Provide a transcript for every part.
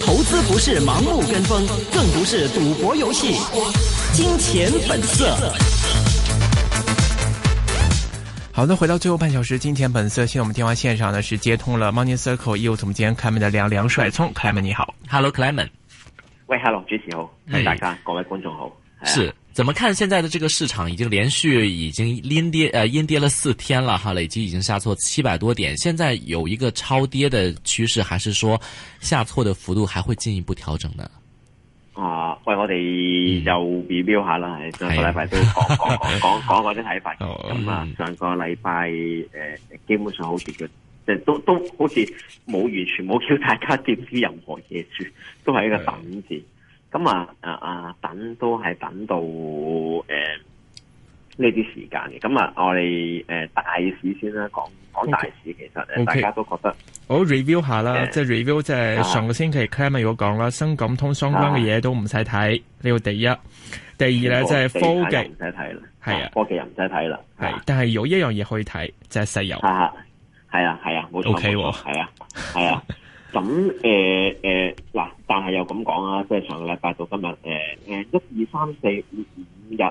投資不是盲目跟風，更不是賭博遊戲。金錢本色。好的，回到最後半小時，金錢本色。現在我們電話線上呢是接通了 Money Circle 業務總監 Clement 的梁梁帥聰。Clement 你好，Hello Clement。喂，Hello，主持人好，大家各位觀眾好。是。怎麼看現在的這個市場已經連續已經陰跌，呃陰跌了四天了哈，累積已經下挫七百多點，現在有一個超跌的趨勢，還是說下挫的幅度還會進一步調整呢？啊，喂，我哋又 review 下啦，上個禮拜都講講講講嗰啲睇法，咁啊，上個禮拜誒，基本上好似就即係都都，都好似冇完全冇叫大家跌啲任何嘢住，都係一個等字。咁、嗯、啊，啊啊等都係等到誒呢啲時間嘅。咁、嗯、啊，我哋誒大市先啦，講講大市、okay. 其實大家都覺得好。Okay. review 下啦，yeah. 即係 review 即係上個星期 Clement 如果講啦，深港通相關嘅嘢都唔使睇，呢、yeah. 個第一。第二咧就係、是、科技唔使睇啦，係、yeah. 啊，科技又唔使睇啦，係。但係有一樣嘢可以睇，就係石油。係啊係啊，冇錯係啊係啊。啊咁誒誒嗱，但係又咁講啊，即係上個禮拜到今日誒誒一二三四五五日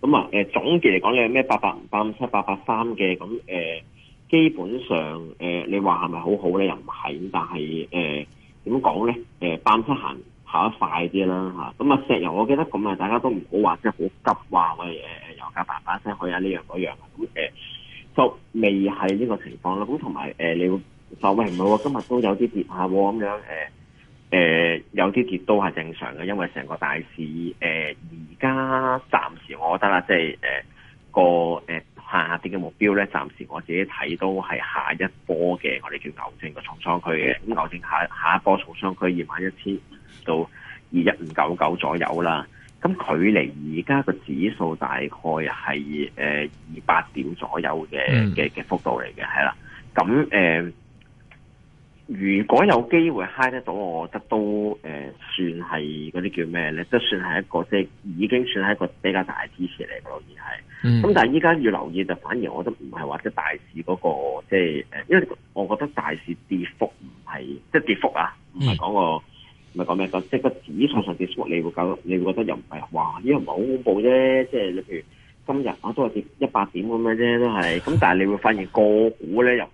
咁啊誒總結嚟講，你係咩八八五、八五七八八三嘅咁誒？基本上誒、嗯，你話係咪好好咧？又唔係咁，但係誒點講咧？誒、嗯，班、嗯、七行跑得快啲啦嚇。咁、嗯、啊，石油我記得咁啊，大家都唔好話即係好急話，喂誒，油價叭叭聲去啊呢樣嗰樣咁誒、嗯嗯，就未係呢個情況啦。咁同埋誒你會。話喂唔係，今日都有啲跌下咁樣，誒、呃、誒有啲跌都係正常嘅，因為成個大市誒而家暫時我覺得啦，即係誒個誒下跌嘅目標咧，暫時我自己睇都係下一波嘅我哋叫牛證個重倉區嘅，咁、嗯、牛證下下一波重倉區二萬一千到二一五九九左右啦，咁距離而家個指數大概係誒二百點左右嘅嘅嘅幅度嚟嘅，係啦，咁誒。呃如果有機會 high 得到，我覺得都、呃、算係嗰啲叫咩咧？都算係一個即係已經算係一個比較大嘅支持嚟，我認而係。咁、嗯、但係依家要留意就反而，我覺得唔係話即係大市嗰個即係誒因為我覺得大市跌幅唔係即係跌幅啊，唔係講個唔係講咩，即係個指數上跌幅，你會覺你會覺得又唔係話，因為唔係好恐怖啫。即係你譬如今日啊都係跌一百點咁樣啫，都係。咁但係你會發現個股咧又。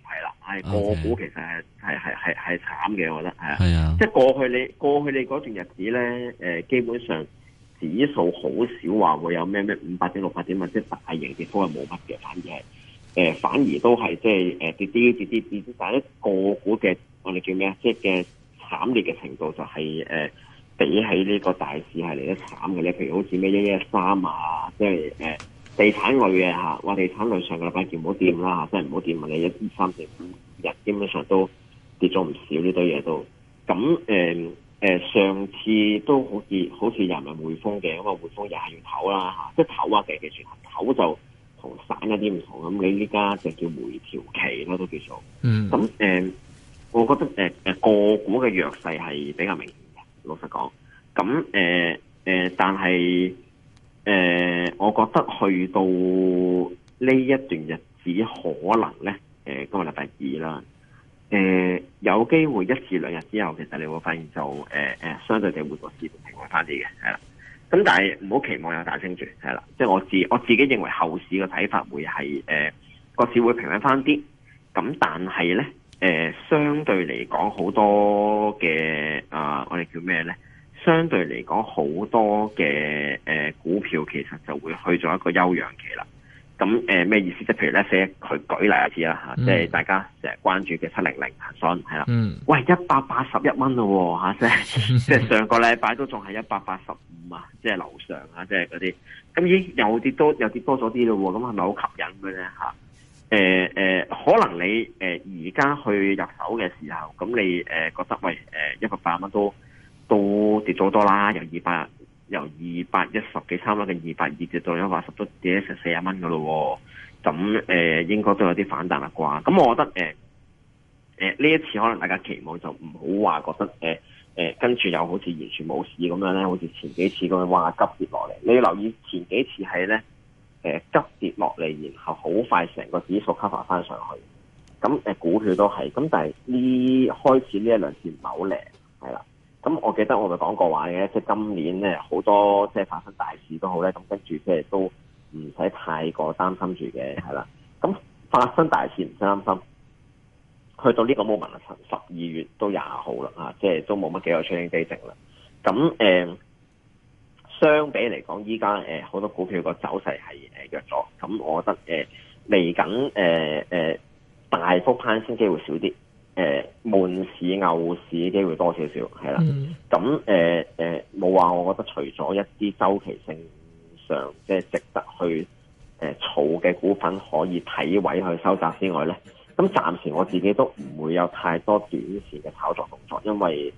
係個股其實係係係係慘嘅，我覺得係啊，即係過去你過去你嗰段日子咧，誒，基本上指數好少話會有咩咩五百點六百點或者大型跌都係冇乜嘅，反而係誒、呃、反而都係即係誒跌跌跌跌跌，但係咧個股嘅我哋叫咩啊？即係嘅慘烈嘅程度就係誒比起呢個大市係嚟得慘嘅咧，譬如好似咩一一三啊，即係誒。地產類嘅吓，話地產類上個禮拜就唔好掂啦吓，真係唔好掂。問你一、二、三、四、五日，基本上都跌咗唔少呢堆嘢都。咁誒誒，上次都好似好似又係匯豐嘅，咁啊匯豐廿月頭啦吓、啊，即係唞啊嘅，其實唞就同省一啲唔同咁，咁你呢家就叫回調期啦，都叫做。嗯。咁誒、呃，我覺得誒誒、呃，個股嘅弱勢係比較明顯嘅，老實講。咁誒誒，但係。誒、呃，我覺得去到呢一段日子可能呢誒、呃、今日啦禮拜二啦，誒、呃、有機會一至兩日之後，其實你會發現就誒誒、呃、相對地會個市平穩翻啲嘅，係啦。咁但係唔好期望有大升轉，係啦。即係我自我自己認為後市嘅睇法會係誒個市會平穩翻啲。咁但係呢，誒、呃、相對嚟講好多嘅啊、呃，我哋叫咩呢？相對嚟講，好多嘅誒、呃、股票其實就會去咗一個休養期啦。咁誒咩意思呢？即係譬如咧，先佢舉例一次啦吓，即、嗯、係大家成日關注嘅七零零恒生係啦。嗯，喂，一百八十一蚊咯喎，吓即係即係上個禮拜都仲係一百八十五啊，即係樓上啊，即係嗰啲。咁已經有跌多有跌多咗啲咯喎，咁係咪好吸引嘅咧吓？誒、啊、誒、呃，可能你誒而家去入手嘅時候，咁你誒、呃、覺得喂誒一百八蚊都。都跌咗多啦，由二百由二百一十幾差唔多二百二跌到一百十，都跌咗成四十蚊噶咯喎，咁誒、呃、應該都有啲反彈啦啩，咁我覺得誒誒呢一次可能大家期望就唔好話覺得誒誒、呃呃、跟住又好似完全冇事咁樣咧，好似前幾次咁樣哇，急跌落嚟，你要留意前幾次係咧，誒急跌落嚟，然後好快成個指數 cover 翻上去，咁誒股票都係，咁但係呢開始呢一兩次唔係好靚，係啦。咁我記得我咪講過話嘅，即係今年咧好多即係發生大事都好咧，咁跟住即係都唔使太過擔心住嘅，係啦。咁發生大事唔擔心，去到呢個 moment 十二月都廿號啦，即係都冇乜幾個 trading day 啦。咁、呃、相比嚟講，依家好多股票個走勢係誒弱咗，咁我覺得誒嚟緊誒誒大幅攀升機會少啲。誒、呃，悶市牛市機會多少少係啦，咁誒誒，冇、嗯、話、呃、我覺得除咗一啲周期性上即係值得去誒、儲、呃、嘅股份可以睇位去收集之外咧，咁暫時我自己都唔會有太多短線嘅炒作動作，因為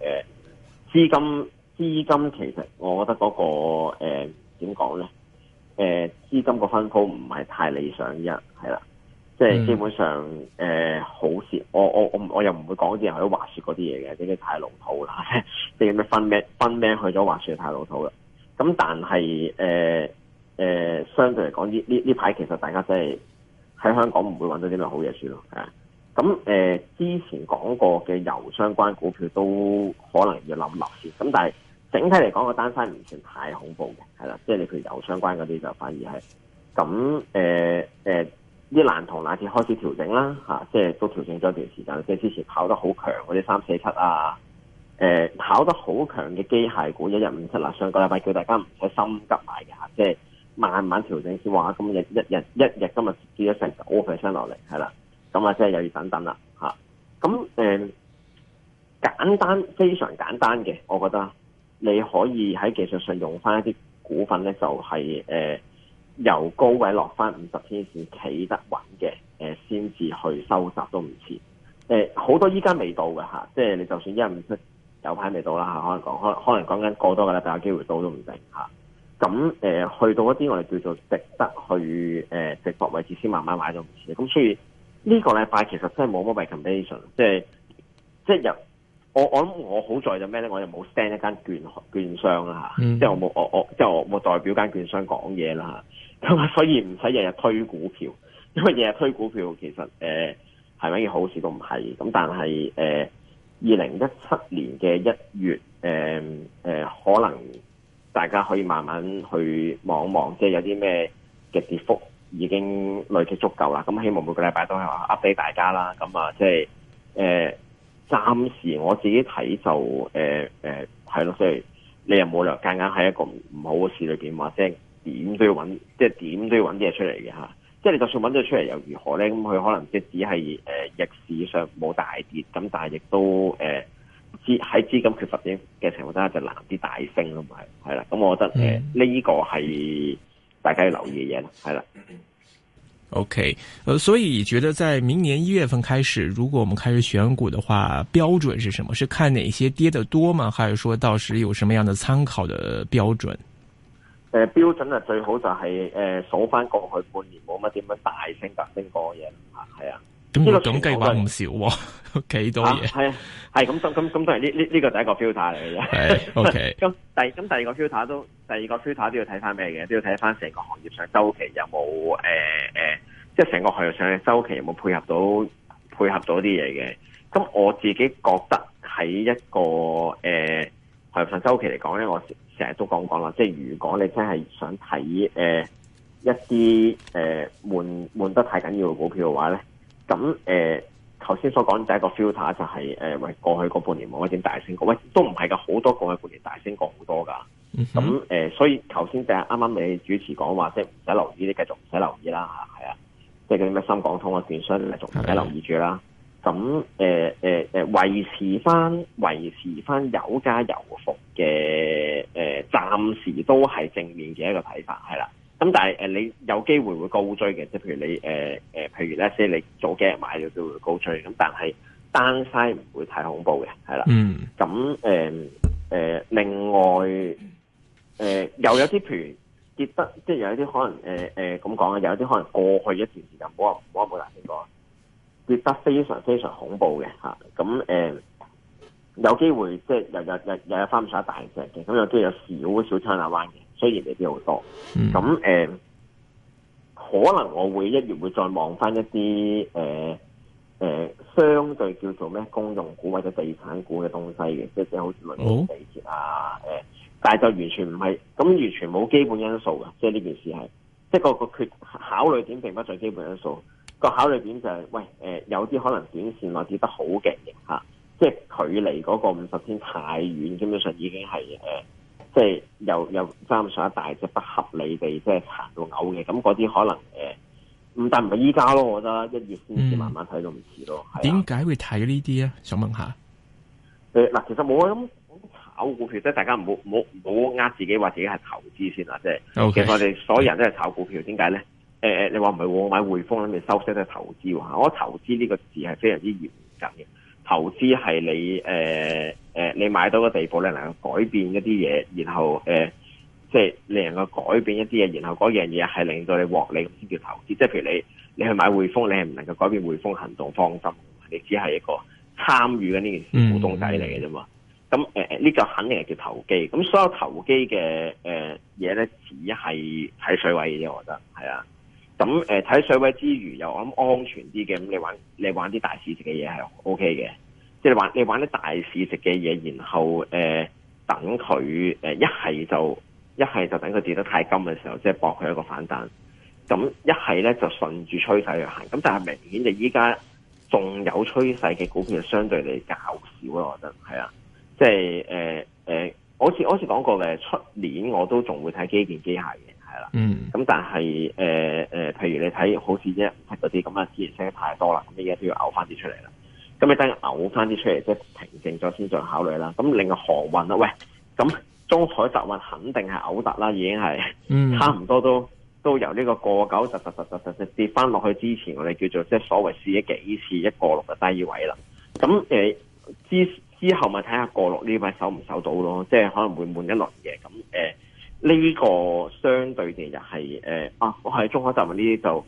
誒，資、呃、金資金其實我覺得嗰、那個誒點講咧，誒、呃，資、呃、金個分佈唔係太理想一係啦。即、嗯、係基本上，誒、呃、好少，我我我我又唔會講啲人去咗滑雪嗰啲嘢嘅，啲嘢太老土啦，即係咩分咩分咩去咗滑雪太老土啦。咁但係誒誒，相對嚟講，呢呢呢排其實大家真係喺香港唔會揾到啲咩好嘢算咯。係咁，誒之前講過嘅油相關股票都可能要冧一冧先。咁但係整體嚟講，個單身唔算太恐怖嘅，係啦。即係你譬如油相關嗰啲就反而係咁誒誒。啲藍同藍嘅開始調整啦，嚇、啊，即係都調整咗一段時間。即係之前跑得好強嗰啲三四七啊，誒、啊、跑得好強嘅機械股一一五七啦、啊。上個禮拜叫大家唔使心急買嘅、啊、即係慢慢調整先話。今日一日一日今日跌咗成九個 percent 落嚟，係啦，咁啊即係又要等等啦，嚇、啊。咁誒、啊、簡單非常簡單嘅，我覺得你可以喺技術上用翻一啲股份咧，就係、是、誒。啊由高位落翻五十天線企得穩嘅，呃、先至去收集都唔遲。呃、好多依家未到嘅、啊、即係你就算一日唔出，有排未到啦可能講，可能可能講緊過多嘅啦，但有機會到都唔定咁去到一啲我哋叫做值得去誒、啊、值博、啊、位置，先慢慢買都唔遲。咁、啊、所以呢、呢個禮拜其實真係冇乜違禁 basis 即係即係入我我諗我好在就咩咧？我就冇 send 一間券券商啦、啊嗯、即係我冇我我即係我冇代表間券商講嘢啦 所以唔使日日推股票，因為日日推股票其實誒係咪一件好事都唔係。咁但係誒二零一七年嘅一月，誒、呃、誒、呃、可能大家可以慢慢去望一望，即係有啲咩嘅跌幅已經累積足夠啦。咁、嗯、希望每個禮拜都係話 update 大家啦。咁、嗯、啊，即係誒、呃、暫時我自己睇就誒誒係咯，所以你又冇理由夾硬喺一個唔好嘅市裏邊話聲。點都要揾，即係點都要揾啲嘢出嚟嘅吓，即係你就算揾咗出嚟又如何咧？咁佢可能即係只係誒逆市上冇大跌，咁但係亦都誒資喺資金缺乏嘅嘅情況之下就難啲大升啊嘛，係啦，咁我覺得誒呢個係大家要留意嘅嘢啦，係啦。O K，誒，所以覺得在明年一月份開始，如果我們開始選股嘅話，標準是什麼？是看哪些跌得多嗎？還是說到時有什麼樣嘅參考的標準？誒、呃、標準啊，最好就係誒數翻過去半年冇乜點樣大升大升過嘢啦，係啊。咁總計話唔少喎，幾多嘢？係啊，係咁咁咁，當然呢呢呢個第一個 filter 嚟嘅。OK。咁第咁第二個 filter 都，第二個 filter 都要睇翻咩嘅？都要睇翻成個行業上周期有冇誒誒，即係成個行業上嘅週期有冇配合到配合到啲嘢嘅？咁我自己覺得喺一個誒。呃係上週期嚟講咧，我成日都講講啦，即係如果你真係想睇誒、呃、一啲誒悶悶得太緊要嘅股票嘅話咧，咁誒頭先所講第一個 filter 就係、是、誒、呃，喂過去嗰半年冇一點大升過，喂都唔係㗎，好多過去半年大升過好多㗎。咁、mm、誒 -hmm. 呃，所以頭先即係啱啱你主持講話，即係唔使留意啲，你繼續唔使留意啦嚇，係啊，即係嗰啲咩深港通啊券商，繼續唔使留意住啦。Mm -hmm. 咁誒誒誒維持翻維持翻有加有服嘅誒，暫時都係正面嘅一個睇法，係啦。咁但係、呃、你有機會會高追嘅，即係譬如你誒、呃、譬如即係、就係、你早幾日買咗，都會高追。咁但係 Downside 唔會太恐怖嘅，係啦。嗯。咁、呃、誒、呃、另外誒、呃呃、又有啲譬如跌得，即係有啲可能誒咁講啊，有啲可能過去一段時間，冇啊冇啊冇人聽講。跌得非常非常恐怖嘅嚇，咁誒、呃、有機會即係又又又又有翻唔少大隻嘅，咁有啲有少少撐下翻嘅，雖然未必好多，咁、嗯、誒、呃、可能我會一月會再望翻一啲誒誒相對叫做咩公用股或者地產股嘅東西嘅，即係好似輪盤、地鐵啊誒，但係就完全唔係咁，完全冇基本因素嘅，即係呢件事係即係個個缺考慮點並不在基本因素。個考慮點就係、是，喂，誒、呃，有啲可能短線落市得好勁嘅吓，即係距離嗰個五十天太遠，基本上已經係誒、呃，即係又又爭上一大隻不合理地，即係殘到嘔嘅。咁嗰啲可能誒，唔、呃、但唔係依家咯，我覺得一月先至慢慢睇都唔遲咯。點、嗯、解、啊、會睇呢啲呀？想問下，誒，嗱，其實冇咁炒股票即係大家唔好唔好唔好呃自己話自己係投資先啦，即係，okay. 其實我哋所有人都係炒股票，點解咧？誒、欸、你話唔係我買匯豐諗住收息嘅投資話，我覺得投資呢個字係非常之嚴謹嘅。投資係你誒、呃、你買到個地步，你能夠改變一啲嘢，然後誒，即、呃、係、就是、能夠改變一啲嘢，然後嗰樣嘢係令到你獲利，先叫投資。即係譬如你你去買匯豐，你係唔能夠改變匯豐行動方針，你只係一個參與緊呢件事，股、嗯、東仔嚟嘅啫嘛。咁、嗯、呢、呃這個肯定係叫投機。咁所有投機嘅嘢咧，只係睇水位嘅啫。我覺得係啊。咁誒睇水位之餘，又我諗安全啲嘅，咁你玩你玩啲大市值嘅嘢係 O K 嘅，即係你玩你玩啲大市值嘅嘢，然後誒等佢誒一係就一係就等佢跌得太深嘅時候，即係博佢一個反彈。咁一係咧就順住趨勢去行。咁但係明顯就依家仲有趨勢嘅股票，相對嚟較少咯。我覺得係啊，即係誒誒，我似我似講過嘅，出年我都仲會睇基建機械嘅。嗯，咁但係誒誒，譬、呃呃、如你睇好似一匹嗰啲咁啊，自然升太多啦，咁依家都要嘔翻啲出嚟啦。咁你等嘔翻啲出嚟，即、就、係、是、平靜咗先再考慮啦。咁另外航運啊？喂，咁中海集運肯定係嘔突啦，已經係差唔多都都由呢個過九十十十十十跌翻落去之前，我哋叫做即係所謂試咗幾次一過六就低位啦。咁誒之之後咪睇下過六呢位守唔守到咯？即係可能會悶一輪嘅。咁誒。呢、這個相對地又係誒啊！我喺中海集運呢啲就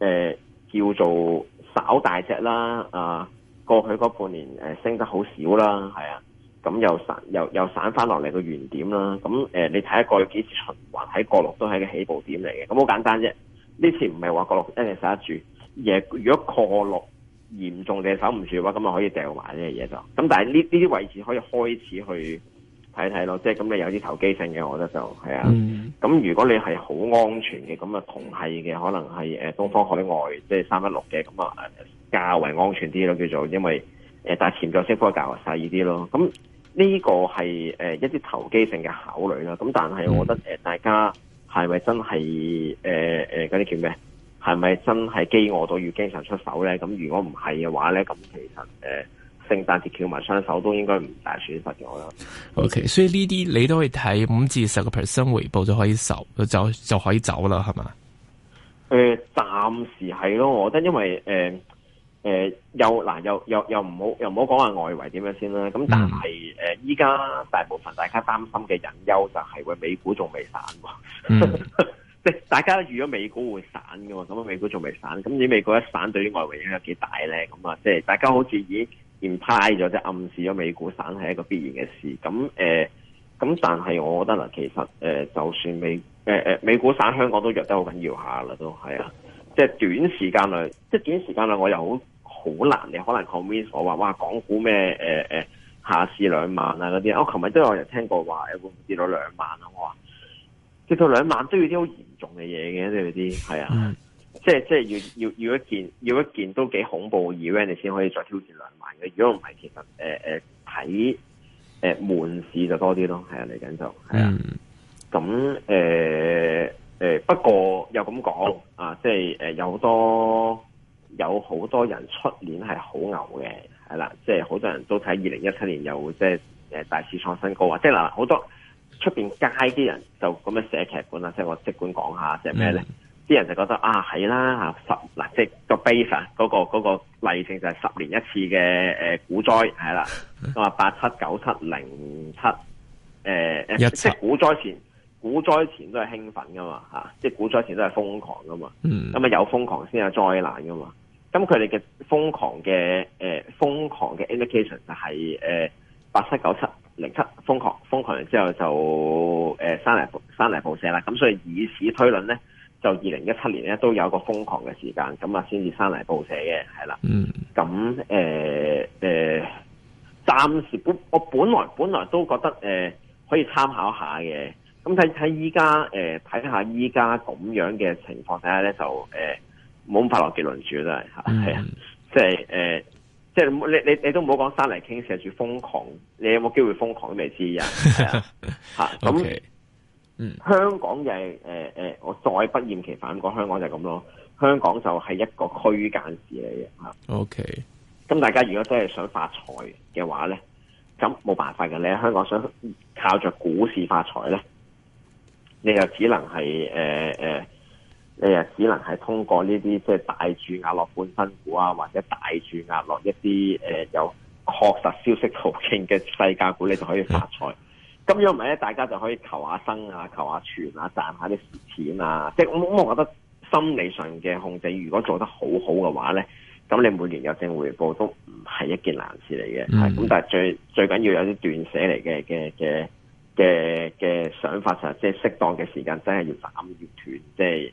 誒、啊、叫做稍大隻啦啊！過去嗰半年誒、啊、升得好少啦，係、嗯、啊！咁又散又又散翻落嚟個原點啦。咁誒，你睇一個幾次循環喺國六都係一個起步點嚟嘅。咁、嗯、好簡單啫。呢次唔係話國六一定守得住，而如果過落嚴重你守唔住嘅話，咁咪可以掉埋呢樣嘢就。咁、嗯、但係呢呢啲位置可以開始去。睇睇咯，即係咁，你有啲投機性嘅，我覺得就係、是、啊。咁、嗯、如果你係好安全嘅，咁啊同係嘅，可能係誒、呃、東方海外即係三一六嘅，咁啊較為安全啲咯，叫做因為誒、呃、但係潛在息差較細啲咯。咁呢個係誒、呃、一啲投機性嘅考慮啦。咁但係我覺得誒、呃、大家係咪真係誒誒嗰啲叫咩？係、呃、咪、呃、真係飢餓到要經常出手咧？咁如果唔係嘅話咧，咁其實誒。呃聖誕節翹埋雙手都應該唔大損失咗啦。O K，所以呢啲你都可以睇五至十個 percent 回報就可以收，就就可以走啦，係嘛？誒、呃，暫時係咯，我覺得，因為誒誒、呃呃，又嗱、呃，又又又唔好，又唔好講話外圍點樣先啦。咁、嗯、但係誒，依、呃、家大部分大家擔心嘅隱憂就係、是、喂美股仲未散喎，嗯、 即係大家預咗美股會散嘅喎，咁啊美股仲未散，咁你美股一散對於外圍影響幾大咧？咁啊，即係大家好似已經。唔派咗，即暗示咗美股省係一個必然嘅事。咁誒，咁、呃、但係我覺得啦，其實誒、呃，就算美誒誒、呃、美股省香港都弱得好緊要下啦，都係啊。即係短時間內，即係短時間內，我又好好難，你可能 convince 我話，哇，港股咩誒誒下市兩萬啊嗰啲。我琴日都有人聽過話，誒會唔會跌到兩萬呀？我話跌到兩萬都要啲好嚴重嘅嘢嘅，你明唔明？係啊。嗯即係即係要要要一件要一件都幾恐怖嘅，event 你先可以再挑戰兩萬嘅。如果唔係，其實誒誒睇誒門市就多啲咯。係啊，嚟緊就係啊。咁誒誒，不過又咁講啊，即係誒、呃、有好多有好多人出年係好牛嘅，係啦。即係好多人都睇二零一七年有即係誒、呃、大市創新高啊。即係嗱，好多出邊街啲人就咁樣寫劇本啦。即係我即管講下什麼呢，即係咩咧？啲人就覺得啊係啦，啊，十嗱即個 base 啊，嗰、那個嗰、那個例證就係十年一次嘅誒股災係啦。咁話八七九七零七誒、呃、即即股災前股災前都係興奮噶嘛、啊、即即股災前都係瘋狂噶嘛。咁、mm. 咪、嗯、有瘋狂先有災難噶嘛。咁佢哋嘅瘋狂嘅、呃、瘋狂嘅 indication 就係、是、誒、呃、八七九七零七瘋狂瘋狂完之後就誒、呃、山嚟山嚟暴射啦。咁所以以此推論咧，就二零一七年咧都有一個瘋狂嘅時間，咁啊先至生嚟報社嘅係啦。咁誒誒，暫、嗯呃呃、時本我本來本來都覺得誒、呃、可以參考下嘅。咁睇睇依家誒睇下依家咁樣嘅情況，睇下咧就誒冇咁快落結論住啦係吓啊。即係誒、呃，即係你你你都唔好講生嚟傾寫住瘋狂，你有冇機會瘋狂都未知啊。吓咁。 嗯，香港就係誒誒，我再不厭其煩，講香港就係咁咯。香港就係一個區間市嚟嘅吓。OK，咁大家如果真係想發財嘅話咧，咁冇辦法嘅。你喺香港想靠著股市發財咧，你就只能係誒誒，你啊只能係通過呢啲即係大注壓落半新股啊，或者大注壓落一啲誒、呃、有確實消息途徑嘅細價股，你就可以發財。 咁樣咪咧，大家就可以求下生啊，求下存啊，賺下啲錢啊。即係我我覺得心理上嘅控制，如果做得好好嘅話咧，咁你每年有正回報都唔係一件難事嚟嘅。咁、mm-hmm. 但係最最緊要有啲斷捨嚟嘅嘅嘅嘅嘅想法，就係即係適當嘅時間真係要斬要斷，即係。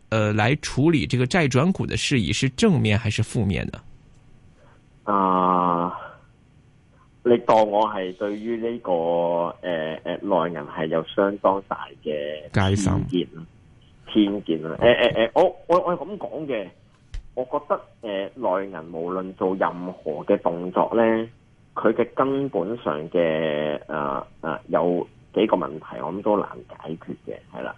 誒、呃，來處理這個債轉股的事宜是正面還是負面呢？啊，你當我係對於呢、這個誒誒內銀係有相當大嘅偏見偏見啦。誒誒誒，我我我係咁講嘅，我覺得誒內銀無論做任何嘅動作咧，佢嘅根本上嘅誒誒有幾個問題，我諗都難解決嘅，係啦。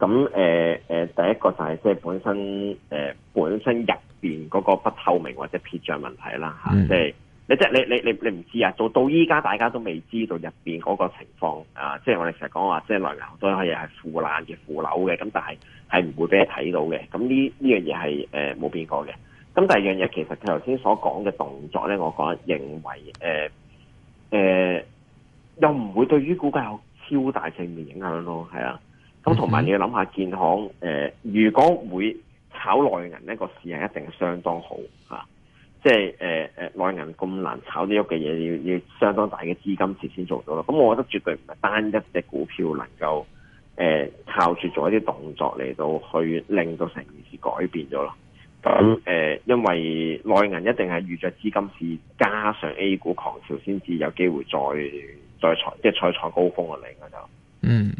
咁、呃呃、第一個就係即本身、呃、本身入面嗰個不透明或者撇帳問題啦嚇，即、嗯就是、你即你你你你唔知啊，做到依家大家都未知道入面嗰個情況啊，即、就是、我哋成日講話，即係內樓多啲嘢係腐爛嘅腐樓嘅，咁但係係唔會俾你睇到嘅。咁呢呢樣嘢係誒冇變過嘅。咁第二樣嘢其實佢頭先所講嘅動作咧，我覺得認為誒、呃呃、又唔會對於股價有超大正面影響咯，係啊。咁同埋你要諗下建行，誒、呃，如果會炒內銀呢個市係一定相當好吓，啊，即係誒誒，內銀咁難炒啲喐嘅嘢，要要相當大嘅資金池先做到咯。咁、啊、我覺得絕對唔係單一隻股票能夠誒、呃、靠住做一啲動作嚟到去令到成件事改變咗咯。咁、嗯、誒、呃，因為內銀一定係預着資金市，加上 A 股狂潮先至有機會再再創即係創高峰嘅頂啊就。嗯。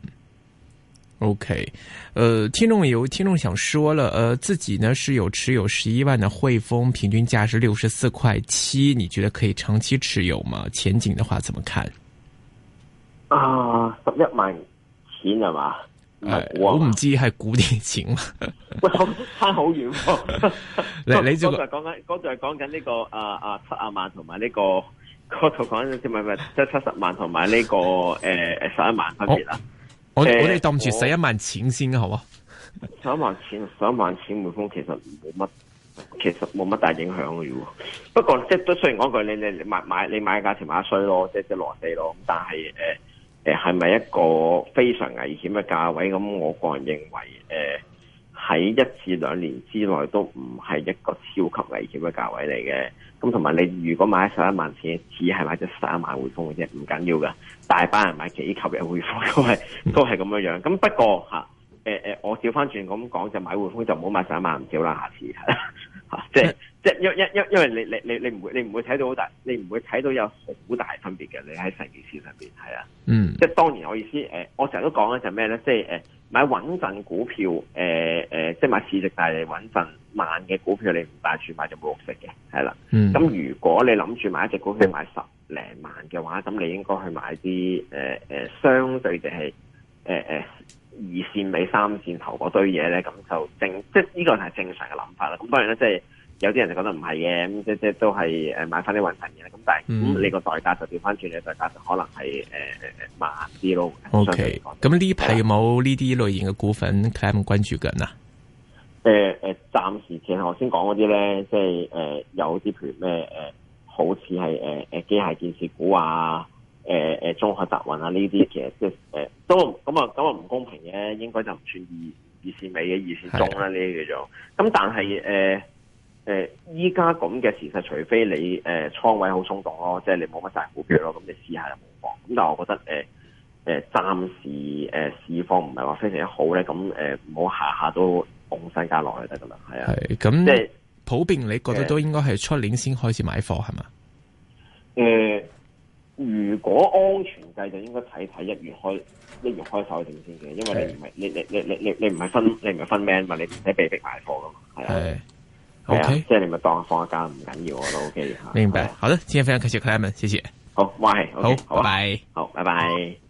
OK，呃，聽眾有聽眾想說了，呃，自己呢是有持有十一萬的匯豐，平均價是六十四塊七，你覺得可以長期持有嗎？前景的話怎麼看？啊，十一萬錢係嘛？哎，我唔知係股定錢嘛，差好遠、哦。你 來 你就講緊，剛才講緊呢個啊啊七啊萬同埋呢個，嗰度講緊唔係唔係，即係七十萬同埋呢個誒十，這個呃、十一萬分別啦、啊哦我哋當住使一萬錢先啊，好啊！一萬錢，使、嗯、一萬錢匯豐其實冇乜，其實冇乜大影響嘅喎。不過即係都雖然講句，你你，你買買你買的價錢買衰咯，即係即係落地咯。咁但係誒誒係咪一個非常危險嘅價位？咁我個人認為、呃喺一至兩年之內都唔係一個超級危險嘅價位嚟嘅。咁同埋你如果買十一萬錢，只係買咗十一萬匯豐嘅啫，唔緊要噶，大班人買幾球嘅匯豐，都係都係咁樣樣。咁不過嚇，誒、呃、誒，我調翻轉咁講，買匯就不要買匯豐就唔好買十一萬少啦。下次嚇，即係即係因因因因為你你你你唔會你唔會睇到好大，你唔會睇到有好大分別嘅。你喺成件事上邊係啊，嗯，即係當然我意思誒、呃，我成日都講嘅就咩咧，即係誒。呃買穩陣股票，誒、呃呃、即係買市值大嚟穩陣萬嘅股票，你唔帶住買就冇肉食嘅，係啦。咁、嗯、如果你諗住買一隻股票買十零萬嘅話，咁你應該去買啲誒、呃、相對地係誒二線尾、三線頭嗰堆嘢呢，咁就正，即呢個係正常嘅諗法啦。咁當然呢，即係。有啲人就覺得唔係嘅，咁即即都係誒買翻啲穩陣嘅，咁但係咁你個代價就調翻轉，嘅、嗯、代價就可能係誒慢啲咯。O K，咁呢排有冇呢啲類型嘅股份佢有冇關注緊啊？誒、呃、誒，暫時淨係我先講嗰啲咧，即係誒、呃、有啲譬如咩誒、呃，好似係誒誒機械建設股啊，誒、呃、誒中海集運啊呢啲，其實即誒、呃、都咁啊咁啊唔公平嘅，應該就唔算二二線尾嘅，二線中啦呢啲叫做。咁，但係誒。呃誒、呃，依家咁嘅時勢，除非你誒倉、呃、位好鬆動咯，即係你冇乜大股票咯，咁你試下就冇妨。咁但係我覺得誒誒，暫、呃、時誒、呃、市況唔係話非常之好咧，咁誒唔好下下都往身家落去得噶啦。係啊，咁即係普遍你覺得都應該係出年先開始買貨係嘛？誒、呃，如果安全計就應該睇睇一月開一月開手定先嘅，因為你唔係你你你你你你唔係分你唔係分 man 嘛，你你被迫買貨噶嘛，係啊。啊、o、okay. K，即係你咪當放假唔緊要 o K 明白、啊，好的，今天非常感謝 Clement 謝謝。好、oh,，Y，、okay, 好，拜、啊，好，拜拜。好 bye bye